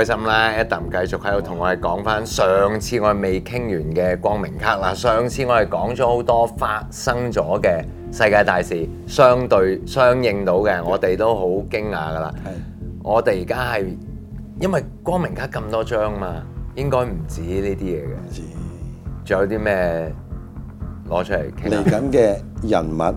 開心啦！Adam 繼續喺度同我哋講翻上次我哋未傾完嘅光明卡啦。上次我哋講咗好多發生咗嘅世界大事，相對相應到嘅，我哋都好驚訝噶啦。係我哋而家係因為光明卡咁多張嘛，應該唔止呢啲嘢嘅。唔止，仲有啲咩攞出嚟傾？嚟緊嘅人物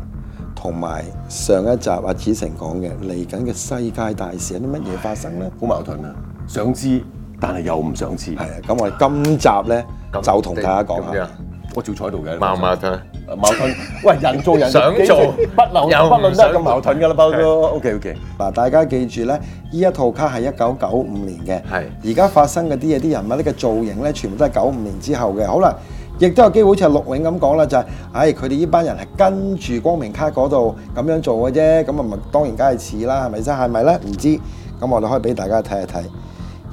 同埋上一集阿子誠講嘅嚟緊嘅世界大事有啲乜嘢發生咧？好矛盾啊！想知，但係又唔想知，係啊！咁我哋今集咧就同大家講下，我照彩度嘅，矛盾，矛盾，喂，人做人想做，不能有，不能都係咁矛盾噶啦，包哥。OK，OK，嗱，大家記住咧，呢一套卡係一九九五年嘅，係。而家發生嗰啲嘢，啲人物呢個造型咧，全部都係九五年之後嘅。好啦，亦都有機會好似陸永咁講啦，就係，唉，佢哋呢班人係跟住光明卡嗰度咁樣做嘅啫，咁啊，咪當然梗係似啦，係咪先？係咪咧？唔知。咁我哋可以俾大家睇一睇。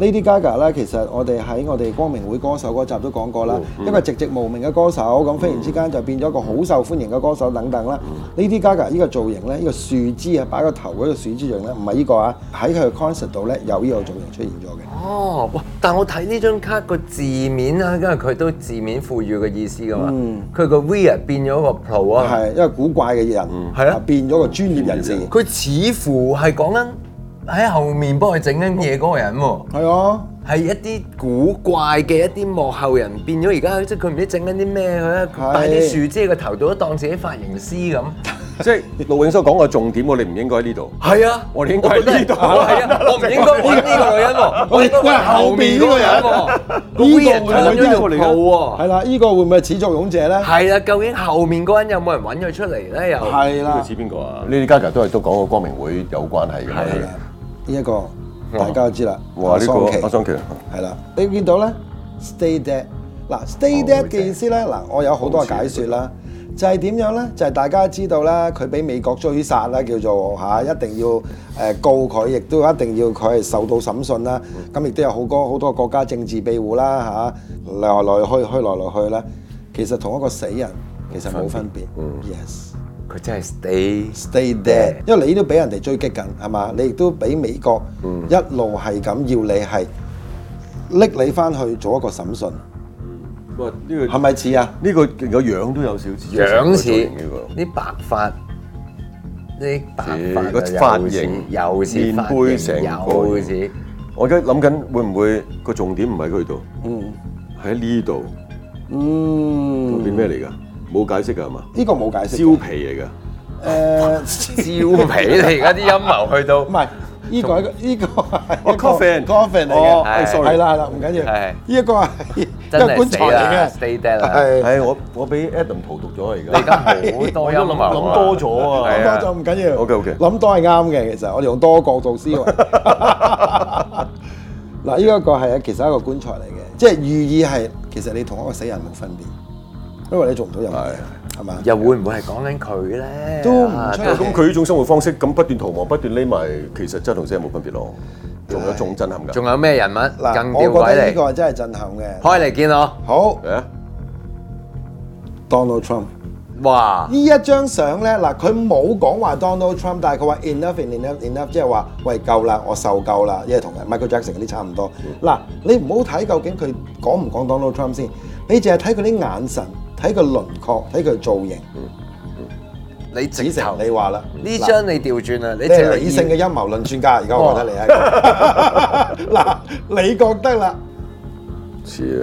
Lady Gaga 咧，其實我哋喺我哋光明會歌手嗰集都講過啦，一個籍籍無名嘅歌手，咁忽然之間就變咗一個好受歡迎嘅歌手等等啦。Lady、mm hmm. Gaga 呢個造型咧，呢、呢個樹枝啊，擺個頭喺個樹枝、呢個、在的上咧，唔係呢個啊，喺佢嘅 concept 度咧，有呢個造型出現咗嘅。哦，但係我睇呢張卡個字面啊，因為佢都字面賦予嘅意思噶嘛，佢個 V e 變咗個 Pro 一個啊，係因為古怪嘅人係啊變咗個專業人士，佢似乎係講緊。喺後面幫佢整緊嘢嗰個人喎，係啊，係一啲古怪嘅一啲幕後人，變咗而家即係佢唔知整緊啲咩佢啊，戴啲樹枝個頭度都當自己髮型師咁，即係陸永修講個重點，我哋唔應該喺呢度，係啊，我哋應該喺呢度，我唔應該揾呢個女人喎，我哋揾後面呢個人喎，呢個睇緊條路啦，呢個會唔會係始作俑者咧？係啦，究竟後面嗰人有冇人揾佢出嚟咧？又係啦，似邊個啊？呢啲家俱都係都講過光明會有關係嘅。呢一個大家都知啦。哇！呢個阿桑奇係啦，這個啊，你見到咧，Stay Dead。嗱，Stay Dead 嘅棒意思咧，嗱，我有好多解說啦，就係點樣咧？就係大家知道啦，佢俾美國追殺啦，叫做嚇，啊，一定要誒，呃，告佢，亦都一定要佢係受到審訊啦。咁，啊，亦，嗯、都有好多好多國家政治庇護啦，嚇，啊，來來去去來來去啦。其實同一個死人，其實冇分別。分嗯、Yes. 佢真係 stay stay there，因為你都俾人哋追擊緊，係嘛？你亦都俾美國一路係咁要你係拎你翻去做一個審訊。喂，呢個係咪似啊？呢個個樣都有少少似，樣似啲白髮，啲白個髮型，面背成個似。我而家諗緊會唔會個重點唔喺佢度？嗯，喺呢度。嗯，變咩嚟㗎？冇解釋噶係嘛？呢個冇解釋，焦皮嚟噶。誒，焦皮嚟，而家啲陰謀去到。唔係，呢個呢個係 coffin，coffin 嚟嘅，係傻嚟。係啦係啦，唔緊要。係呢一個係一個棺材嚟嘅。Stay dead 啊！係我我俾 Adam 荼毒咗嚟㗎。你咁多陰謀諗多咗啊！諗多咗唔緊要。OK OK。諗多係啱嘅，其實我哋用多角度思考。嗱，呢一個係啊，其實一個棺材嚟嘅，即係寓意係其實你同一個死人冇分別。因為你做唔到任何，係嘛？又會唔會係講緊佢咧？都唔錯咁佢呢種生活方式，咁不斷逃亡、不斷匿埋，其實真係同死人冇分別咯。仲有種震撼嘅，仲有咩人物？嗱，我覺得呢個真係震撼嘅。開嚟見我，好。Donald Trump，哇！呢一張相咧，嗱，佢冇講話 Donald Trump，但係佢話 enough enough enough，即係話喂夠啦，我受夠啦，因為同埋 Michael Jackson 嗰啲差唔多。嗱，你唔好睇究竟佢講唔講 Donald Trump 先，你淨係睇佢啲眼神。睇佢輪廓，睇佢造型。嗯嗯、時你直頭你話啦，呢張你調轉啦，你即係理性嘅陰謀論專家。而家哇我覺得你係嗱，， 你覺得啦？似啊，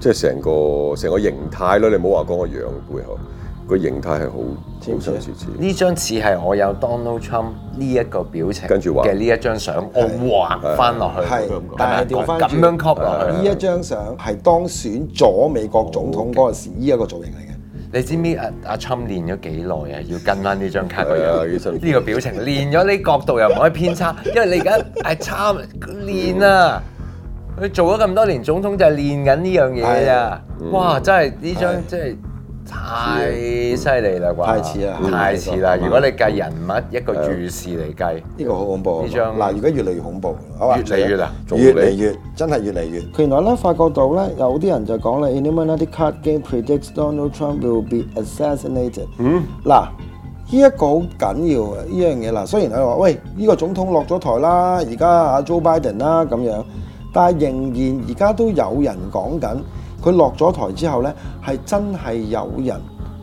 即係成個成個形態咯。你唔好話講個樣背後，個形態係好貼身，呢張似係，我有 Donald Trump 呢一個表情嘅呢一張相，我畫翻落去，但係調翻咁樣 cop 落去。呢一張相係當選咗美國總統嗰陣時，呢一個造型嚟嘅。你知唔知阿阿 Trump 練咗幾耐啊？要跟翻呢張卡嘅樣，呢個表情練咗，呢角度又唔可以偏差，因為你而家係參練啊！佢做咗咁多年總統就係練緊呢樣嘢啊！哇，真係呢張真係～太犀利啦，啩太似啦，太似啦！如果你計人物一個預示嚟計，呢個好恐怖。呢張，嗱，而家越嚟越恐怖，越嚟越啊，越嚟越真係越嚟越。原來咧，發覺到咧，有啲人就講咧，Illuminati the card game predicts Donald Trump will be assassinated。嗯。嗱，呢一個好緊要啊，呢樣嘢嗱，雖然佢話喂，呢個總統落咗台啦，而家阿 Joe Biden 啦咁樣，但係仍然而家都有人講緊。佢落咗台之後咧，係真係有人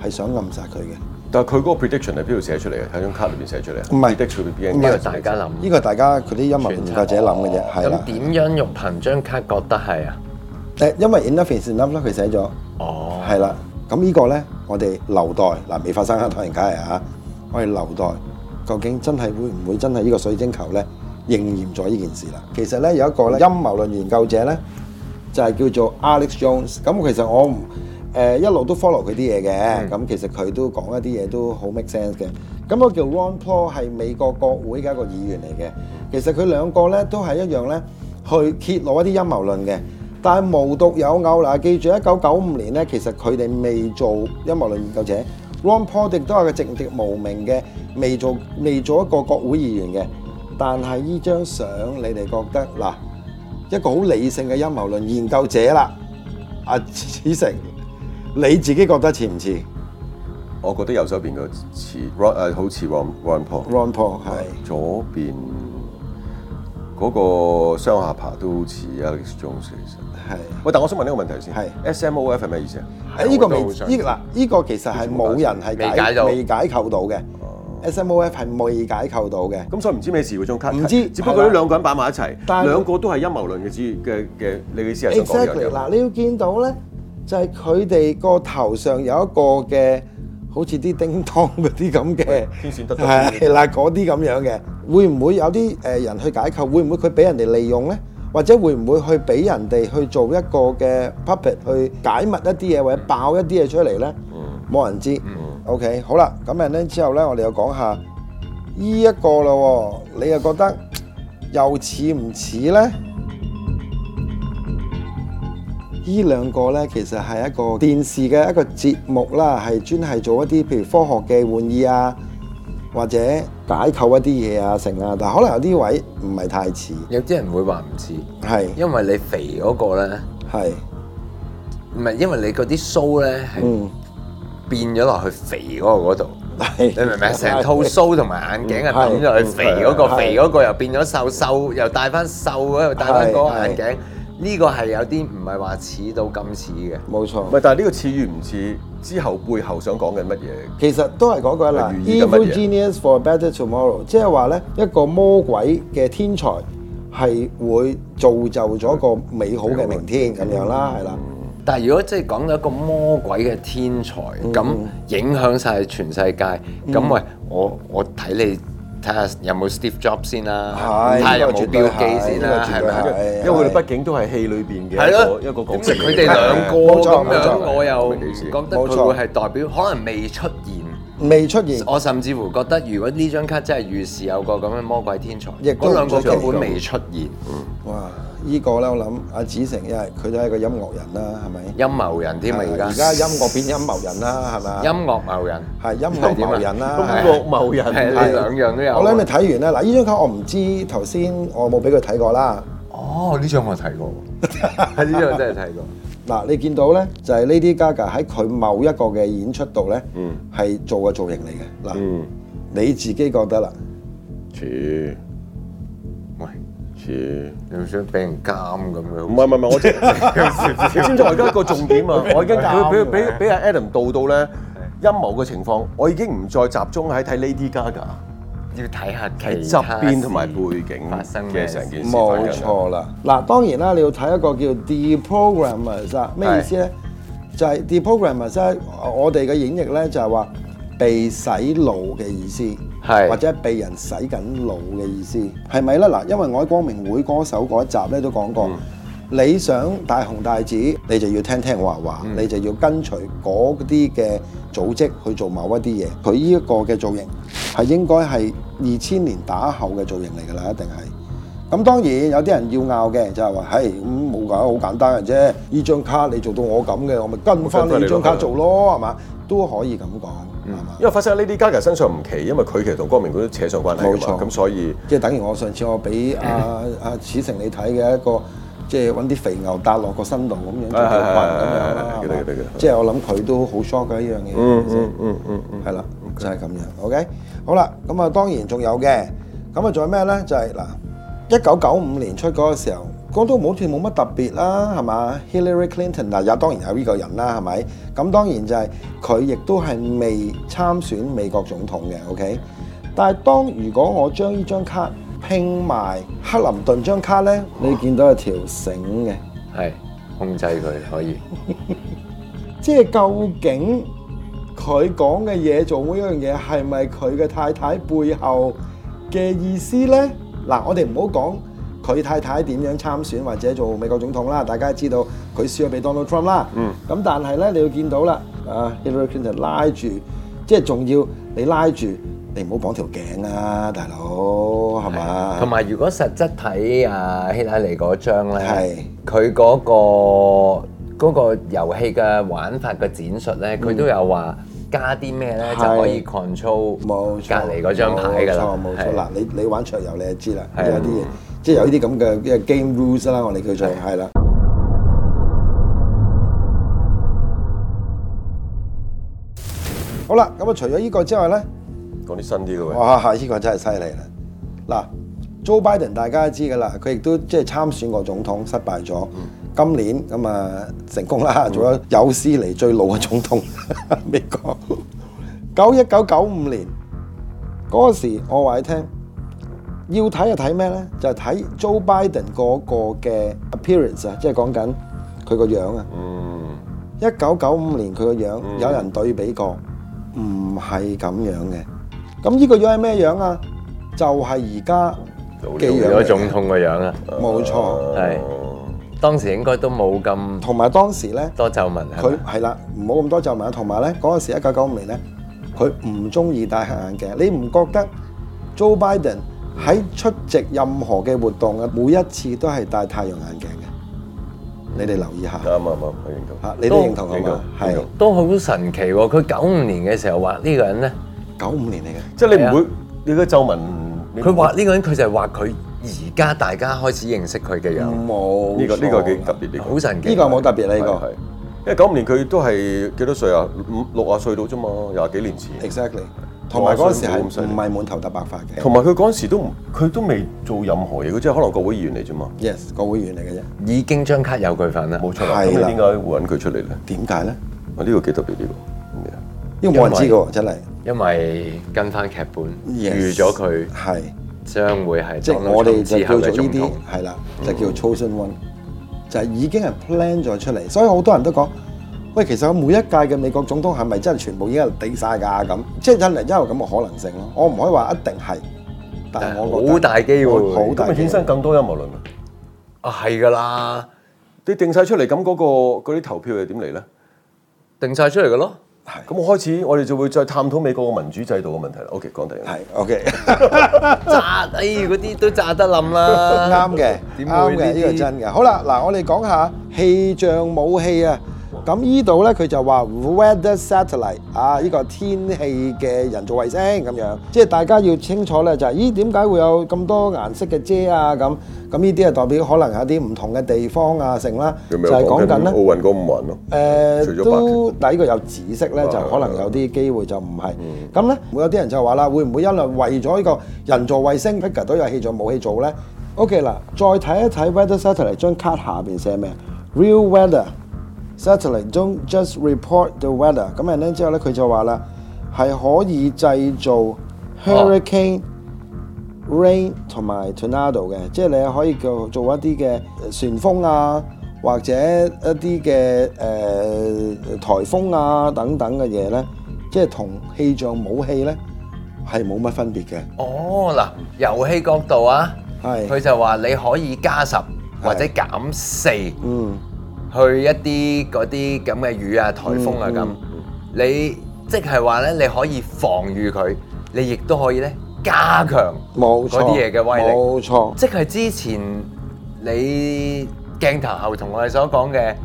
係想暗殺佢嘅。但係佢嗰個 prediction 係邊度寫出嚟嘅？喺張卡裏邊寫出嚟？唔係是，唔係，呢是個大家諗。呢個大家佢啲球陰謀研究者諗嘅啫。係啊、哦。咁點樣用憑張卡覺得係啊？誒、嗯的嗯，因為 Innovation Up 咧，佢寫咗。哦。係啦。咁呢個咧，我哋留待嗱未發生黑頭人梗係啊。嗯、我哋留待究竟真係會唔會真係呢個水晶球咧，應驗咗呢件事啦？其實咧有一個咧陰謀論研究者咧。就係叫做 Alex Jones，咁其實我唔誒，一路都 follow 佢啲嘢嘅，咁其實佢都講一啲嘢都好 make sense 嘅。咁個叫 Ron Paul 係美國國會嘅一個議員嚟嘅，其實佢兩個咧都係一樣咧，去揭露一啲陰謀論嘅。但係無獨有偶嗱，記住一九九五年咧，其實佢哋未做陰謀論研究者，Ron Paul 亦都係個籍籍無名嘅，未做未做一個國會議員嘅。但係依張相你哋覺得嗱？一個好理性嘅陰謀論研究者啦，阿、啊、子成，你自己覺得似唔似？我覺得右手邊個似，誒、啊、好似 Ron Ron Paul，Ron Paul 係左邊嗰、那個雙下巴都好似 Alex Jones 其實係。喂，但我想問呢個問題先，係 S, 是 M O F 係咩意思啊？呢、這個未，呢嗱呢個其實係冇人係解未解構到嘅。SMOF 係未解構到嘅，咁所以唔知咩事嗰種卡。唔知，只不過呢兩個人擺埋一齊，兩個都係陰謀論嘅主嘅嘅，你嘅意思係？Exactly。嗱，你要見到咧，就係佢哋個頭上有一個嘅，好似啲叮當嗰啲咁嘅，天線得得。係啦，嗰啲咁樣嘅，會唔會有啲誒人去解構？會唔會佢俾人哋利用咧？或者會唔會去俾人哋去做一個嘅 puppet 去解密一啲嘢，或者爆一啲嘢出嚟咧？冇人知。OK，好啦，咁樣咧之後咧，我哋又講下依一個咯，你又覺得又似唔似咧？依兩 個咧，其實係一個電視嘅一個節目啦，係專係做一啲譬如科學嘅玩意啊，或者解構一啲嘢啊，成啊，但係可能有啲位唔係太似，有啲人會話唔似，係是因為你肥嗰個咧，係唔係因為你嗰啲鬚咧係嗯。變咗落去肥嗰度、那個，是你明唔明？成套鬚同埋眼鏡啊，抌咗去肥嗰、那個，肥嗰個又變咗瘦，瘦又戴翻瘦，喺度戴翻嗰眼鏡。呢個係有啲唔係話似到咁似嘅，冇錯。唔係，但係呢個似與唔似之後背後想講嘅乜嘢？其實都係嗰句啦，Evil Genius for a better tomorrow，即係話咧一個魔鬼嘅天才係會造就咗一個美好嘅明天咁樣啦，係啦的。但係如果即係講到一個魔鬼嘅天才，咁影響曬全世界，咁喂，我我睇你睇下有冇 Steve Jobs 先啦，睇下有冇標記先啦，係咪？因為佢哋畢竟都係戲裏邊嘅，係咯，一個角色，即係佢哋兩個咁樣，我又覺得佢會係代表可能未出現。未出現，我甚至乎覺得，如果呢張卡真係預示有個咁嘅魔鬼天才，亦都兩個根本未出現。哇！依個咧，我諗阿子成，因為佢都係個音樂人啦，係咪？音謀人添啊！而家而家音樂變音謀人啦，係咪啊？音樂謀人係音樂謀人啦，音樂謀人係兩樣都有。我諗你睇完啦，嗱，呢張卡我唔知頭先我冇俾佢睇過啦。哦，呢張我睇過喎，呢張真係睇過。嗱，你見到咧，就係，是，Lady Gaga 喺佢某一個嘅演出度咧，係、嗯、做嘅造型嚟嘅。嗱、嗯，你自己覺得啦，似喂似，你好想俾人監咁樣？唔係唔係，我先先就我而家一個重點啊！我，監我已經俾俾俾俾阿 Adam 導到咧陰謀嘅情況，我已經唔再集中喺睇 Lady Gaga。要睇下喺側邊同埋背景發生嘅成件事，冇錯啦。嗱，當然啦，你要睇一個叫 deprogrammers 咩意思咧？是就係 deprogrammers，我哋嘅演繹咧就係話被洗腦嘅意思，是或者被人洗緊腦嘅意思，係咪咧？嗱，因為我喺光明會歌手嗰一集咧都講過，嗯、你想大紅大紫，你就要聽聽話話，嗯、你就要跟隨嗰啲嘅組織去做某一啲嘢，佢呢一個嘅造型。係應該係二千年打後嘅造型嚟噶啦，一定係。咁當然有啲人要拗嘅，就係話，係咁冇解好簡單嘅啫。呢張卡你做到我咁嘅，我咪跟翻呢張卡做咯，係嘛？都可以咁講，係嘛？因為發生喺呢啲家嘉身上唔奇，因為佢其實同光明嗰啲扯上關係。冇錯，咁所以即係等於我上次我俾阿阿子誠你睇嘅一個，即係搵啲肥牛搭落個身度咁樣嘅關係，即係我諗佢都好 short 嘅呢樣嘢，嗯嗯嗯嗯，係啦。就係咁樣，OK，好啦，咁啊當然仲有嘅，咁啊仲有咩咧？就係、是、嗱，一九九五年出嗰個時候，江蘇武斷冇乜特別啦，係嘛？Hillary Clinton 嗱，有當然有呢個人啦，係咪？咁當然就係佢亦都係未參選美國總統嘅，OK。但係當如果我將呢張卡拼埋克林頓張卡咧，哇你見到有條繩嘅，係控制佢可以。即係 究竟？佢講嘅嘢做嗰樣嘢係咪佢嘅太太背後嘅意思咧？嗱，我哋唔好講佢太太點樣參選或者做美國總統啦。大家知道佢輸咗俾 Donald Trump 啦。嗯。咁但係咧，你要見到啦，啊 Hillary Clinton 拉住，即係仲要你拉住，你唔好綁條頸啊，大佬係嘛？同埋如果實質睇啊希拉里嗰張咧，佢嗰個嗰個遊戲嘅玩法嘅展述咧，佢都有話。加啲咩咧，就可以 control 冇隔離嗰張牌㗎啦，冇錯啦！你你玩桌遊你就知啦，有啲嘢即係有啲咁嘅 game rules 啦，我哋叫做桌遊。係啦，好啦，咁啊，除咗呢個之外咧，講啲新啲嘅。哇，下呢個真係犀利啦！嗱，Joe Biden 大家都知㗎啦，佢亦都即係參選過總統失敗咗。今年咁啊成功啦，做咗有史嚟最老嘅總統，美國九一九九五年嗰時，我話你聽，要睇就睇咩咧？就係睇 Joe Biden 嗰個嘅 appearance 啊，即係講緊佢個樣啊。嗯。一九九五年佢個樣，有人對比過，唔係咁樣嘅。咁呢個樣係咩樣啊？就係而家嘅樣，做咗總統嘅樣啊。冇錯。係。當時應該都冇咁，同埋當時咧多皺紋，佢係啦，唔好咁多皺紋。同埋咧，嗰陣時一九九五年咧，佢唔中意戴黑眼鏡。你唔覺得 Joe Biden 喺出席任何嘅活動呀，每一次都係戴太陽眼鏡嘅？你哋留意下。啱啊，啱啱啱認同。嚇，你都認同啊嘛？係都好神奇喎！佢九五年嘅時候畫呢個人咧，九五年嚟嘅，即係你唔會你嘅皺紋。佢畫呢個人，佢就係畫佢。而家大家開始認識佢嘅人，冇呢個呢個幾特別啲，好神奇。呢個冇特別啦，呢個係因為九五年佢都係幾多歲啊？五六啊歲到啫嘛，廿幾年前。Exactly。同埋嗰陣時係唔係滿頭白髮嘅？同埋佢嗰陣時都佢都未做任何嘢，佢即係可能國會議員嚟啫嘛。Yes，國會議員嚟嘅啫。已經張卡有佢份啦，冇錯。係咁，點解會揾佢出嚟咧？點解咧？呢個幾特別呢？喎，因為因為冇人知嘅真係，因為跟翻劇本預咗佢係。將會係、嗯、即係我哋就叫做呢啲係啦，就叫做 chosen one，、嗯、就係已經係 plan 咗出嚟。所以好多人都講：喂，其實我每一屆嘅美國總統係咪真係全部已經定晒㗎？咁即係引嚟一個咁嘅可能性咯。我唔可以話一定係，但係我好大機會，好大機會，咁咪衍生更多陰謀論啊！啊，係㗎啦，你定晒出嚟咁嗰個嗰啲投票又點嚟咧？定晒出嚟嘅咯！咁係，我開始，我哋就會再探討美國嘅民主制度嘅問題啦。OK，講第二。係 OK， 炸，哎，嗰啲都炸得冧啦。啱嘅 點，啱嘅，呢個係真嘅。好啦，嗱，我哋講下氣象武器啊。咁依度咧，佢就話 weather satellite 啊，依、呢個天氣嘅人造衛星咁樣，即係大家要清楚咧，就係、係、咦，點解會有咁多顏色嘅遮啊咁，咁依啲啊代表可能有啲唔同嘅地方啊成啦，有有就係講緊咧奧運五環咯。誒、啊呃，都但係呢個有紫色咧，就可能有啲機會就唔係。咁咧、嗯，有啲人就話啦，會唔會因為為咗呢個人造衛星 picture 都有氣象武器做咧？OK 啦，再睇一睇 weather satellite 張卡下邊寫咩 Real weather。Satellite don't just report the weather。咁樣咧，之後咧，佢就話啦，係可以製造 hurricane、哦、rain 同埋 tornado 嘅，即係你可以做做一啲嘅旋風啊，或者一啲嘅誒颱風啊等等嘅嘢咧，即係同氣象武器咧係冇乜分別嘅。哦，嗱，遊戲角度啊，係佢是就話你可以加十或者減四。嗯。去一啲嗰啲咁嘅雨啊、颱風啊，咁，嗯、你即係話咧，你可以防禦佢，你亦都可以咧加強冇錯嗰啲嘢嘅威力，冇錯，冇錯，即係之前你鏡頭後同我哋所講嘅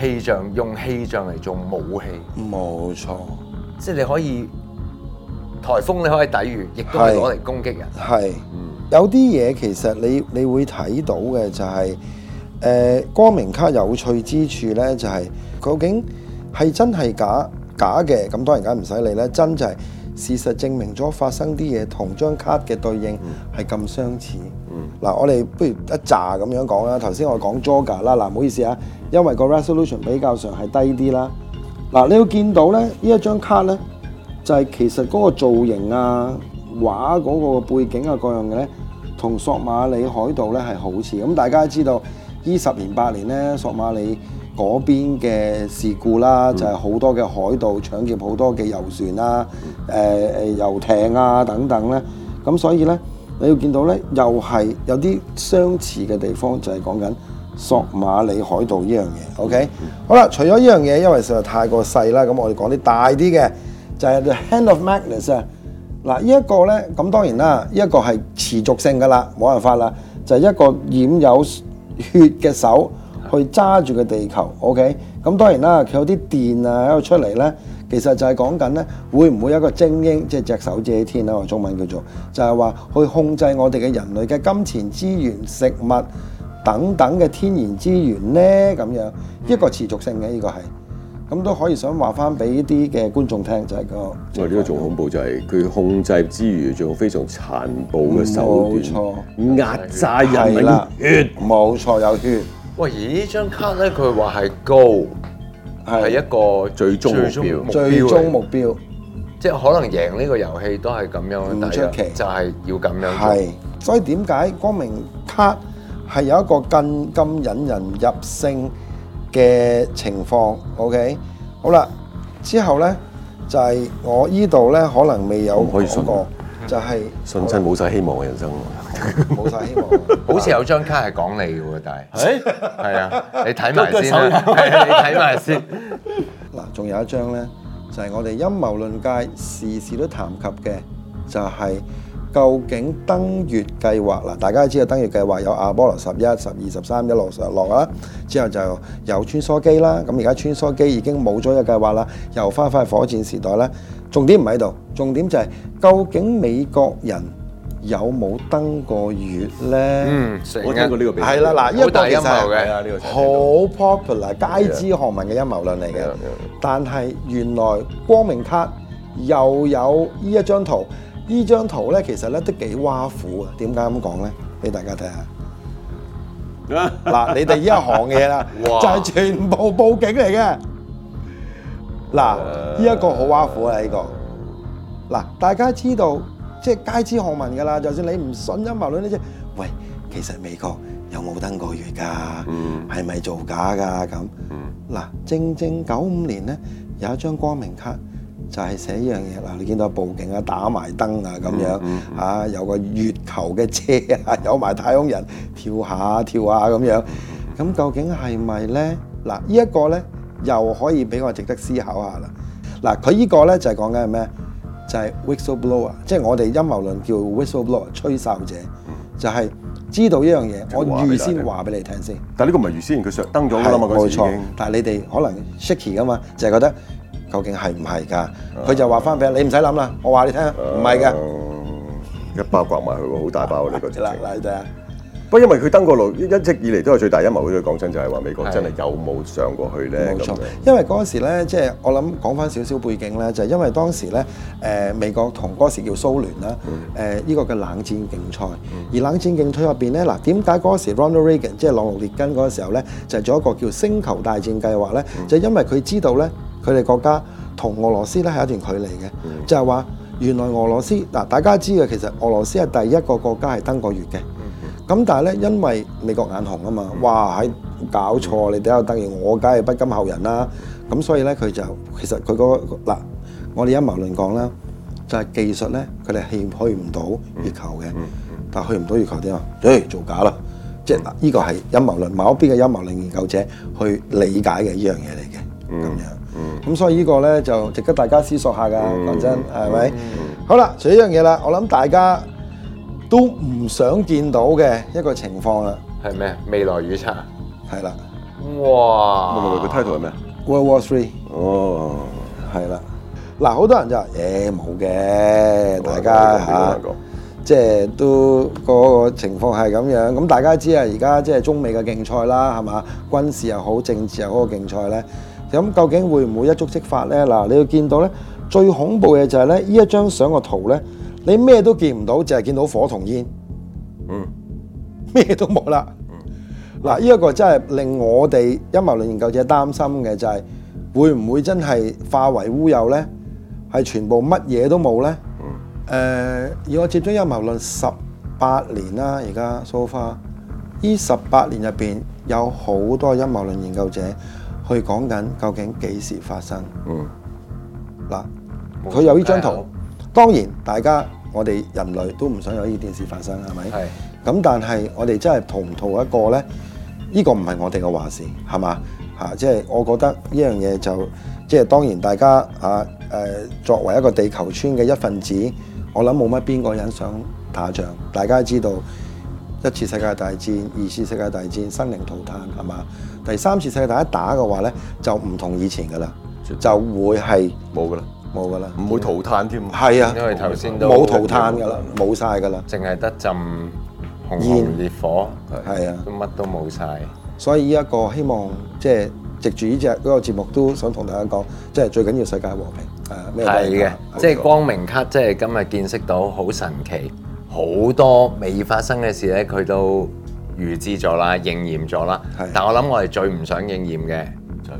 氣象，用氣象嚟做武器，冇錯，即係你可以颱風你可以抵禦，亦都可以攞嚟攻擊人，係，嗯、有啲嘢其實你你會睇到嘅就係、是。誒、呃、光明卡有趣之處咧，就係、是、究竟係真係假？假嘅咁當然梗唔使理咧，真就係事實證明咗發生啲嘢同張卡嘅對應係咁相似。嗱、嗯啊，我哋不如一紮咁樣講啦。頭先我講咗 Joga 啦、啊，嗱唔好意思啊，因為個 resolution 比較上係低啲啦。嗱、啊，你要見到咧呢一張卡咧，就係、是、其實嗰個造型啊、畫嗰個背景啊各樣嘅咧，同索馬里海盜咧係好似。咁、啊、大家知道，呢十年八年咧，索馬里嗰邊嘅事故啦，就係、是、好多嘅海盜搶劫好多嘅遊船啦、啊、誒誒遊艇啊等等咧。咁所以咧，你要見到咧，又係有啲相似嘅地方，就係講緊索馬里海盜呢樣嘢。OK，、嗯、好啦，除咗呢樣嘢，因為實在太過細啦，咁我哋講啲大啲嘅，就係、是、The Hand of Magnus 啊。嗱，呢一個咧，咁當然啦，呢、這、一個係持續性噶啦，冇辦法啦，就係、是、一個染有。血嘅手去揸住個地球，OK，咁當然啦，佢有啲電啊喺度出嚟呢，其實就係講緊呢，會唔會有一個精英即係隻手遮天啊，我中文叫做，就係話去控制我哋嘅人類嘅金錢資源、食物等等嘅天然資源呢？咁樣一個持續性嘅呢個係。咁都可以想話翻俾呢啲嘅觀眾聽，就係、是、個。喂，呢個仲恐怖就係、是、佢控制之餘，仲非常殘暴嘅手段，錯壓榨人啦，血，冇錯有血。喂，而呢張卡咧，佢話係高，係是一個最終目標，最終目標，來即係可能贏呢個遊戲都係咁樣，出奇，但係就係要咁樣。係，所以點解光明卡係有一個更咁引人入勝，嘅情況，OK，好啦，之後咧就係我依度咧可能未有講過，就係信親冇曬希望嘅人生，冇曬希望，好似有張卡係講你嘅喎，但係，係啊，你睇埋先啦，你睇埋先。嗱，仲有一張咧，就係我哋陰謀論界時時都談及嘅，就係。究竟登月計劃嗱，大家都知道登月計劃有阿波羅十一、十二、十三一路落落啦，之後就有穿梭機啦。咁而家穿梭機已經冇咗個計劃啦，又翻返去火箭時代咧。重點唔喺度，重點就係究竟美國人有冇登過月咧？嗯，我聽過呢個係啦嗱，因為其實好 popular，街知巷聞嘅陰謀論嚟嘅。但係原來光明卡又有呢一張圖。呢張圖咧，其實咧都幾挖苦啊！點解咁講咧？俾大家睇下。嗱，你哋依一行嘢啦，就係全部報警嚟嘅。嗱，依一個好挖苦啊！依個。嗱，大家知道即係街知巷聞噶啦，就算你唔信陰謀論啲嘢，喂，其實美國有冇登過月㗎？係咪造假㗎？咁。嗱，正正九五年咧有一張光明卡。就係寫依樣嘢啦，你見到報警啊、打埋燈啊咁樣，嚇、嗯嗯嗯啊、有個月球嘅車啊，有埋太空人跳下跳下咁樣，咁究竟係咪咧？嗱，這個、呢一個咧又可以俾我值得思考下啦。嗱，佢呢個咧就係講緊係咩？就係、是、whistleblower，、就是、即係我哋陰謀論叫 whistleblower 吹哨者，嗯、就係知道一樣嘢，我預先話俾你聽先。但係呢個唔係預先，佢上登咗㗎啦嘛。冇錯，但係你哋可能 shaky 㗎嘛，就係、是、覺得。究竟係唔係㗎？佢就話翻俾你，你唔使諗啦。我話你聽，唔係㗎。一包刮埋佢個好大包，你嗰隻啦，拉佢對啊。不過因為佢登過爐，一直以嚟都係最大陰謀。都要講真，就係話美國真係有冇上過去咧？冇錯，因為嗰陣時咧，即係我諗講翻少少背景咧，就係因為當時咧，誒美國同嗰時叫蘇聯啦，誒呢個嘅冷戰競賽。而冷戰競賽入邊咧，嗱，點解嗰時 Ronald Reagan 即係朗諾列根嗰個時候咧，就做一個叫星球大戰計劃咧，就因為佢知道咧。佢哋國家同俄羅斯咧係一段距離嘅，嗯、就係話原來俄羅斯嗱，大家知嘅，其實俄羅斯係第一個國家係登過月嘅。咁、嗯、但係咧，因為美國眼紅啊嘛，嗯、哇喺搞錯你點解登月？我梗係不甘後人、啊那個、啦。咁所以咧，佢就其實佢嗰個嗱，我哋陰謀論講啦，就係、是、技術咧，佢哋去去唔到月球嘅，嗯嗯、但係去唔到月球點啊？誒、哎，造假啦！即係嗱，依、這個係陰謀論某一邊嘅陰謀論研究者去理解嘅依樣嘢嚟嘅，咁、嗯、樣。咁、嗯、所以呢個呢個咧就值得大家思索下噶，講、嗯、真係咪？嗯、好啦，除咗一樣嘢啦，我諗大家都唔想見到嘅一個情況啦，係咩啊？未來預測係啦。了哇！未來嘅 title 係咩啊？World War Three。哦，係啦。嗱、啊，好多人就話，誒冇嘅，大家嚇，即係都、嗰個情況係咁樣。咁大家知啊，而家即係中美嘅競賽啦，係嘛？軍事又好，政治又好嘅、嗰個、競賽咧。咁究竟會唔會一觸即發呢？嗱，你要見到呢最恐怖嘅就係呢一張相個圖呢，你咩都見唔到，就係見到火同煙，嗯，咩都冇啦。嗱，呢一個真係令我哋陰謀論研究者擔心嘅就係，會唔會真係化為烏有呢？係全部乜嘢都冇呢？誒、呃，而我接觸陰謀論十八年啦，而家 so far 呢十八年入邊有好多陰謀論研究者。佢講緊究竟幾時發生？嗯，嗱，佢有呢張圖，嗯、當然大家我哋人類都唔想有呢件事發生，係咪？係是。咁但係我哋真係唔圖一個咧，呢、呢個唔係我哋嘅話事，係嘛？嚇、啊，即、就、係、是、我覺得呢樣嘢就即係、就是、當然大家嚇誒、啊啊、作為一個地球村嘅一份子，我諗冇乜邊個人想打仗，大家知道。一次世界大戰、二次世界大戰，生靈塗炭係嘛？第三次世界大戰一打嘅話咧，就唔同以前噶啦，就會係冇噶啦，冇噶啦，唔會塗炭添。係啊，因為頭先都冇塗炭噶啦，冇晒噶啦，淨係得浸熊熊烈火，係啊，乜都冇晒。所以呢一個希望，即係藉住呢隻嗰個節目，都想同大家講，即係最緊要世界和平係咩嘅？即係光明卡，即係今日見識到好神奇。好多未發生嘅事咧，佢都預知咗啦，應驗咗啦。是的 但係我諗，我係最唔想應驗嘅，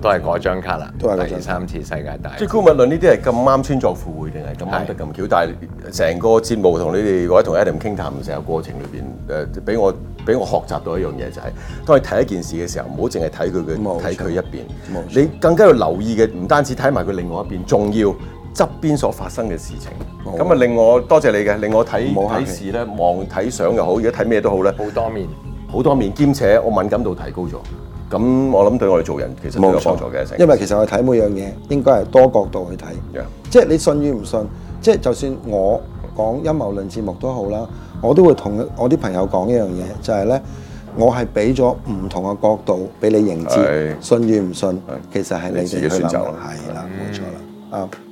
都係嗰張卡啦，都係第三次世界大。即係姑勿論呢啲係咁啱穿鑿附會定係咁啱得咁巧？是的，但係成個節目同你哋或者同 Adam 傾談成個過程裏邊，誒、呃、俾我俾我學習到一樣嘢就係、是，當你睇一件事嘅時候，唔好淨係睇佢嘅睇佢一邊，錯你更加要留意嘅唔單止睇埋佢另外一邊，仲要。側邊所發生嘅事情，咁啊令我多謝你嘅，令我睇睇事咧，望睇相又好，如果睇咩都好咧，好多面，好多面兼且我敏感度提高咗，咁我諗對我哋做人其實有幫助嘅，因為其實我哋睇每樣嘢應該係多角度去睇，即係你信與唔信，即係就算我講陰謀論節目都好啦，我都會同我啲朋友講一樣嘢，就係咧，我係俾咗唔同嘅角度俾你認知，信與唔信，其實係你哋去諗，係啦，冇錯啦，啱。